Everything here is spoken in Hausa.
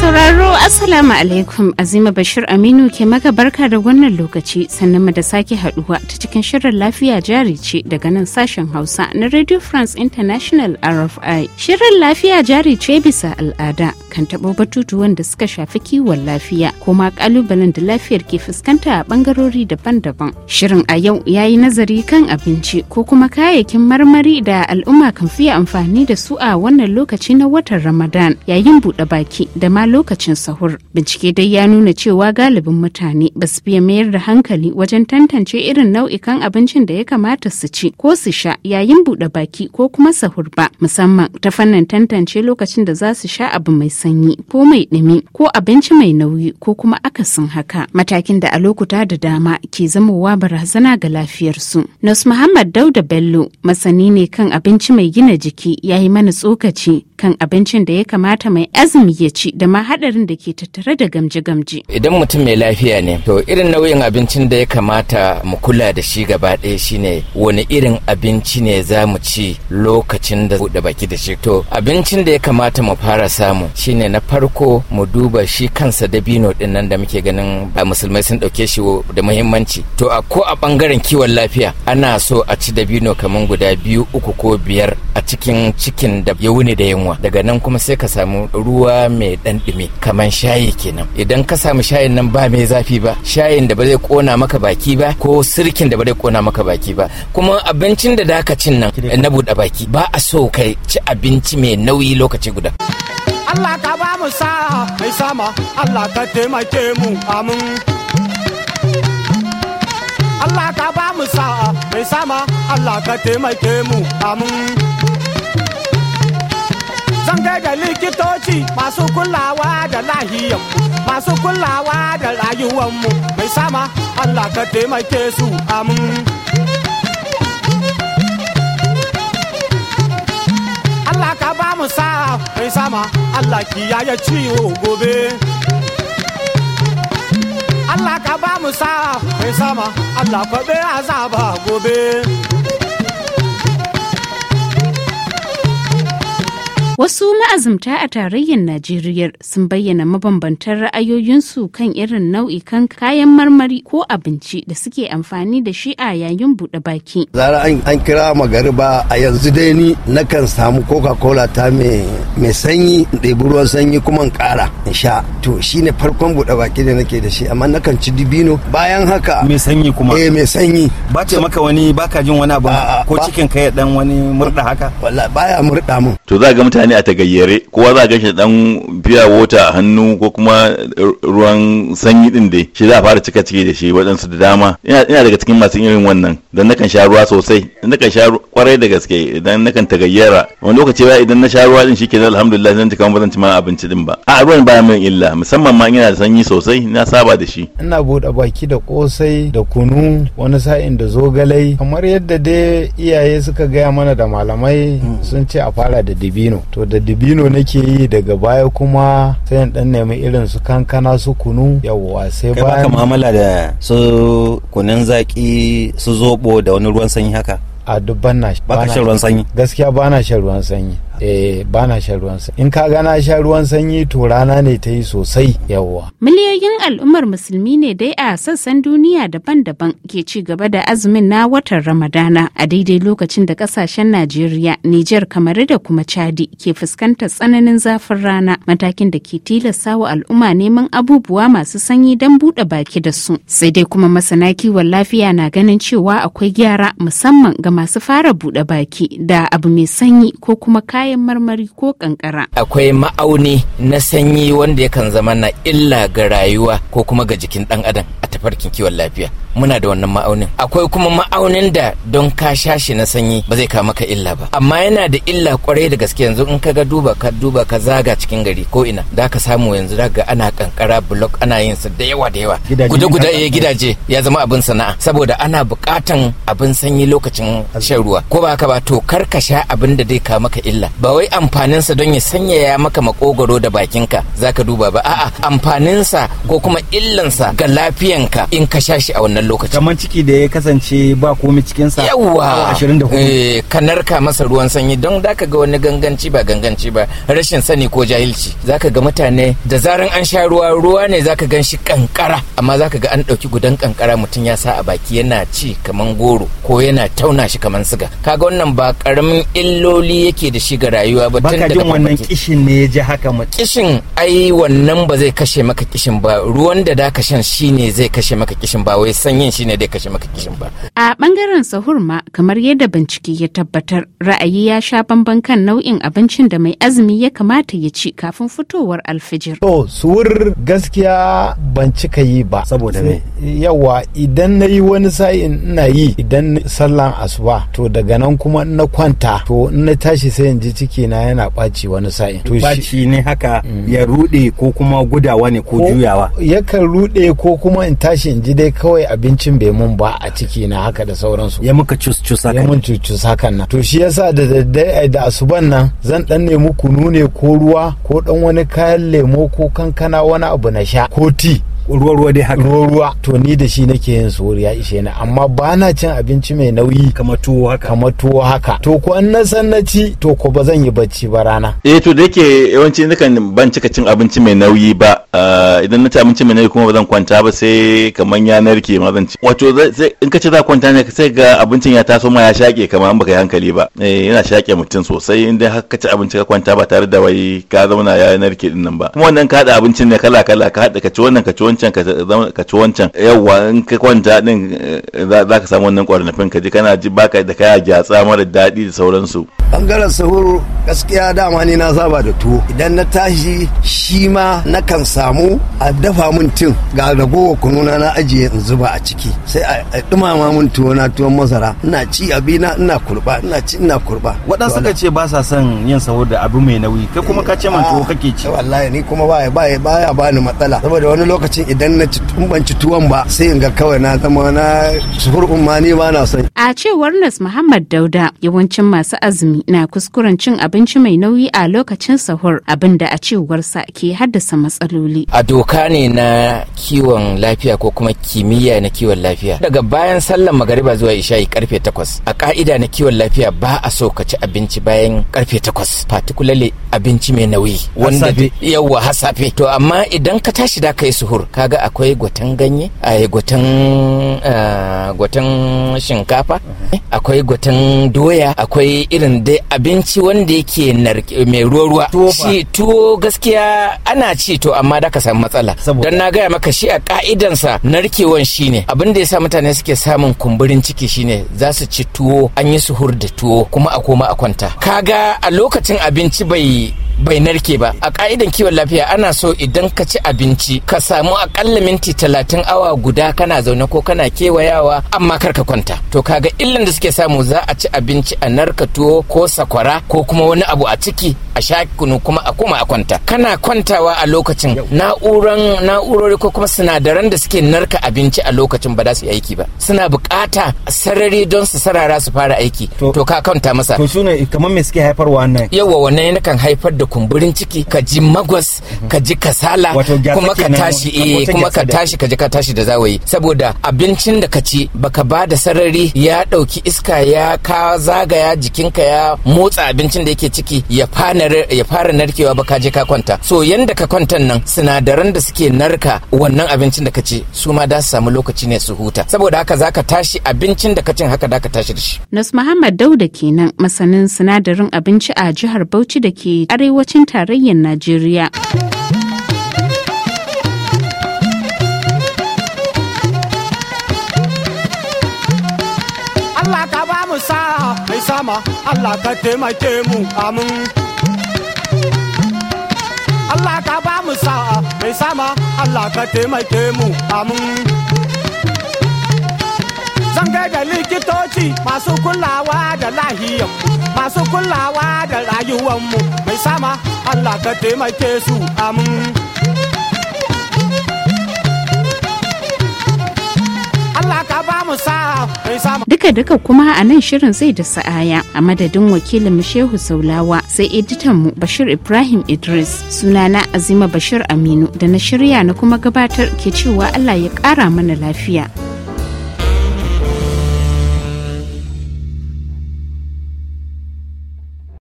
sauraro Assalamu alaikum Azima Bashir Aminu ke maka barka da wannan lokaci sannan mu da sake haduwa ta cikin shirin lafiya jari ce daga nan sashen Hausa na Radio France International RFI. Shirin lafiya jari ce bisa al'ada kan taɓo batutuwan da suka shafi kiwon lafiya ko ma kalubalen da lafiyar ke fuskanta a bangarori daban-daban. Shirin a yau ya yi nazari kan abinci ko kuma kayayyakin marmari da al'umma kan fiye amfani da su a wannan lokaci na watan Ramadan yayin buɗe baki da malam lokacin sahur. Bincike dai ya nuna cewa galibin mutane ba su fiye mayar da hankali wajen tantance irin nau'ikan abincin da ya kamata su ci ko su sha yayin buɗe baki ko kuma sahur ba musamman ta fannin tantance lokacin da za su sha abu mai sanyi ko mai ɗumi ko abinci mai nauyi ko kuma akasin haka matakin da a lokuta da dama ke zamowa barazana ga lafiyarsu. Nas Muhammad Dauda Bello masani ne kan abinci mai gina jiki ya yi mana tsokaci kan abincin da ya kamata mai azumi ya ci da ma hadarin da ke tattare da gamje-gamje. Idan mutum mai lafiya ne, to irin nau'in abincin da ya kamata mu kula da shi gaba ɗaya shine wani irin abinci ne za mu ci lokacin da buɗe baki da shi. To abincin da ya kamata mu fara samu shine na farko mu duba shi kansa dabino ɗin nan da muke ganin ba musulmai sun ɗauke shi da muhimmanci. To a ko a ɓangaren kiwon lafiya ana so a ci dabino kamar guda biyu uku ko biyar a cikin cikin da ya wuni da yunwa. yunwa daga nan kuma sai ka samu ruwa mai dan dumi kaman shayi kenan idan ka samu shayin nan ba mai zafi ba shayin da ba zai kona maka baki ba ko sirkin da ba zai kona maka baki ba kuma abincin da daka cin nan na buɗe baki ba a so kai ci abinci mai nauyi lokaci guda Allah ka ba mu sa'a mai sama Allah ka taimake mu amin Allah ka ba mu sa'a mai sama Allah ka taimake mu amin zan gaida likitoci masu kulawa da lahiyan masu kulawa da rayuwanmu mai sama Allah ka taimake su amin Allah ka ba mu sa mai sama Allah kiyaye ciwo gobe Allah ka ba mu sa mai sama Allah kwabe azaba gobe Wasu ma'azumta a tarayyar Najeriya sun bayyana mabambantan ra'ayoyinsu kan irin nau'ikan kayan marmari ko abinci da suke amfani da shi a yayin buɗe baki. Zara an kira magariba a yanzu dai ni nakan samu Coca-Cola ta mai sanyi ɗebi ruwan sanyi kuma ƙara in sha. To shine farkon buɗe baki da nake da shi amma nakan ci dibino bayan haka. Mai sanyi kuma. Eh mai sanyi. Ba ce maka wani baka jin wani abu ko cikin kai ya dan wani murɗa haka. Wallahi baya murɗa mun to za ga mutane a tagayyare kowa za ga shi dan biya wota a hannu ko kuma ruwan sanyi din dai shi za a fara cika ciki da shi waɗansu da dama ina daga cikin masu irin wannan dan nakan sha ruwa sosai nakan sha kwarai da gaske idan nakan tagayyara wani lokaci ba idan na sha ruwa din shike alhamdulillah zan cika ba zan ci ma abinci din ba a ruwan baya min illa musamman ma ina da sanyi sosai na saba da shi ina buɗe baki da kosai da kunu wani sa'in da zogalai kamar yadda dai iyaye suka gaya mana da malamai hmm. sun ce a fara da dibino to da dibino nake yi daga baya kuma sai dan nemi irin su kankana su kunu yawwa sai bayan kai baka mu'amala da su kunun zaki su zobo da wani ruwan sanyi haka a dubban na ba ka shan ruwan sanyi gaskiya ba na shan ruwan sanyi eh ba na shan ruwan sanyi in ka ga na sha ruwan sanyi to rana ne ta yi sosai yawwa miliyoyin al'ummar musulmi ne dai a sassan duniya daban-daban ke ci gaba da azumin na watan ramadana a daidai lokacin da kasashen najeriya nijar kamar da kuma chadi ke fuskantar tsananin zafin rana matakin da ke tilasta wa al'umma neman abubuwa masu sanyi don buɗe baki da su sai dai kuma masana kiwon lafiya na ganin cewa akwai gyara musamman ga masu fara buɗe baki da abu mai sanyi ko kuma kaya kayan marmari ko kankara. Akwai ma'auni na sanyi wanda yakan zama na illa ga rayuwa ko kuma ga jikin ɗan adam a tafarkin kiwon lafiya. Muna da wannan ma'aunin. Akwai kuma ma'aunin da don ka sha shi na sanyi ba zai kawo maka illa ba. Amma yana da illa kwarai da gaske yanzu in ka ga duba ka duba ka zaga cikin gari ko ina da ka samu yanzu da ana kankara block ana yin su da yawa da yawa. Guda guda ya gidaje ya zama abin sana'a saboda ana bukatan abin sanyi lokacin shan ruwa ko ba haka ba to kar ka sha abin da zai kawo maka illa ba wai amfaninsa don ya sanyaya maka makogoro da bakinka zaka duba ba a'a amfaninsa ko kuma illansa ga lafiyanka in ka sha shi a wannan lokaci. kamar ciki da ya kasance ba komai cikinsa yawa 24 eh masa ruwan sanyi don zaka ga wani ganganci ba ganganci ba rashin sani ko jahilci zaka ga mutane da zaran an sha ruwa ruwa ne zaka gan shi kankara amma zaka ga an ɗauki gudan kankara mutum ya sa a baki yana ci kamar goro ko yana tauna shi kaman siga kaga wannan ba karamin illoli yake da shi ga rayuwa ba tun daga wannan kishin ne ya ji haka mu kishin ai wannan ba zai kashe maka kishin ba ruwan da da ka shan shine zai kashe maka kishin ba wai sanyin shine zai kashe maka kishin ba a bangaren sahur ma kamar yadda bincike ya tabbatar ra'ayi ya sha bamban kan nau'in abincin da mai azumi ya kamata ya ci kafin fitowar alfijir to suwur gaskiya ban cika yi ba saboda me yawa idan na wani sa'in ina yi idan sallan asuba to daga nan kuma na kwanta to na tashi sai in ji ji ciki na yana ɓaci wani sa'in. Ɓaci ne haka ya ruɗe ko kuma gudawa ne ko juyawa. Yakan ruɗe ko kuma in tashi in ji dai kawai abincin bai mun ba a ciki na haka da sauransu. Ya muka cus hakan. Ya mun cus hakan nan. To shi yasa da daddai eh, da asuban nan zan ɗan nemi kunu ne ko ruwa ko ɗan wani kayan lemo ko kankana wani abu na sha ko ti ruwa ruwa dai haka ruwa ruwa to ni da shi nake yin su ya ishe ni amma ba na cin abinci mai nauyi kamar tuwo haka kamar tuwo haka to ko an na san na ci to ko ba zan yi bacci ba rana eh to da yake yawanci kan ban cika cin abinci mai nauyi ba ah, idan na ci abinci mai nauyi kuma ba zan kwanta ba sai kamar ya narke ma zan ci wato in ka ci za kwanta ne sai ga abincin ya taso ma ya shaƙe kamar an baka hankali ba eh yana shaƙe mutum sosai in dai haka ci abinci ka kwanta ba tare da wai ka zauna ya narke din nan ba kuma wannan ka haɗa abincin ne kala kala ka haɗa ka ci wannan ka ci wancan wancan ka ci wancan yawwa in ka kwanta din eh, za ka samu wannan kwarnafin ka ji kana ji baka da kaya gyatsa mara daɗi da sauransu bangaren sahur gaskiya dama ne na saba da tuwo idan na tashi shi ma na kan samu a dafa mun tin ga ragowa kununa na ajiye in zuba a ciki sai a dumama mun tuwo na tuwon masara ina ci abina ina kurba ina ci ina kurba waɗansu suka ce ba sa son yin sahur da abu mai nauyi kai kuma ka ce man tuwo kake ci eh, wallahi ni kuma ba baya baya bani matsala saboda wani lokacin idan na tumbanci tuwon ba sai in ga kawai na zama na sufurin ma ni ba na son. A cewar Nas Muhammad Dauda yawancin masu azumi na kuskuren cin abinci mai nauyi a lokacin sahur abin da a cewarsa ke haddasa matsaloli. A doka ne na kiwon lafiya ko kuma kimiyya na kiwon lafiya. Daga bayan sallan magariba zuwa isha'i karfe takwas a ka'ida na kiwon lafiya ba a so ka ci abinci bayan karfe takwas particularly abinci mai nauyi wanda yawwa hasafe to amma idan ka tashi da ka yi suhur kaga akwai gwatan ganye a gwatan eh, gwatan shinkafa akwai gwatan doya akwai irin dai abinci wanda yake mai ruwa ruwa shi tuwo gaskiya ana ci to amma da ka samu matsala don na gaya maka shi a ka'idansa narkewan shine abin da sa mutane suke samun kumburin ciki shine za su ci tuwo an yi suhur da tuwo kuma a koma a kwanta kaga a lokacin abinci bai bai narke ba a ka'idan kiwon lafiya ana so idan ka ci abinci ka samu akalla minti talatin awa guda kana zaune ko kana kewayawa amma kar ka kwanta to kaga illan da suke samu za a ci abinci a narka tuwo ko sakwara ko kuma wani abu a ciki a sha kunu kuma a koma a kwanta kana kwantawa a lokacin na'uran na'urori ko kuma sinadaran da suke narka abinci a lokacin ba za su aiki ba suna bukata sarari don su sarara su fara aiki to ka kwanta masa to suna kamar me suke haifarwa wannan yawa wannan yana kan haifar da kumburin ciki ka ji magwas mhm. ka ji kasala kuma ka tashi eh kuma ka tashi ka ji ka tashi da zawayi saboda abincin da ka ci baka ba da sarari ya dauki iska ya ka zagaya jikinka ya motsa abincin da yake ciki ya fara. ya fara narkewa ba ka je ka kwanta so yanda ka kwantan nan sinadaran da suke narka wannan abincin da ka ci su ma da su samu lokaci ne su huta saboda haka za ka tashi abincin da ka cin haka da ka tashi da shi Nas Muhammad Dauda kenan masanin sinadarin abinci a jihar Bauchi da ke arewacin tarayyar Najeriya. Allah ka ba mu sa'a mai sama Allah ka taimake mu amin Allah ka ba mu sa'a mai sama Allah ka taimake mu amin zan da likitoci masu kulawa da lahiya masu kulawa da rayuwanmu mai sama Allah ka taimake su amin duka duka kuma a nan shirin zai da sa'aya a madadin wakilin Shehu Saulawa sai editan mu Bashir Ibrahim Idris sunana Azima Bashir Aminu da na shirya na kuma gabatar ke cewa Allah ya kara mana lafiya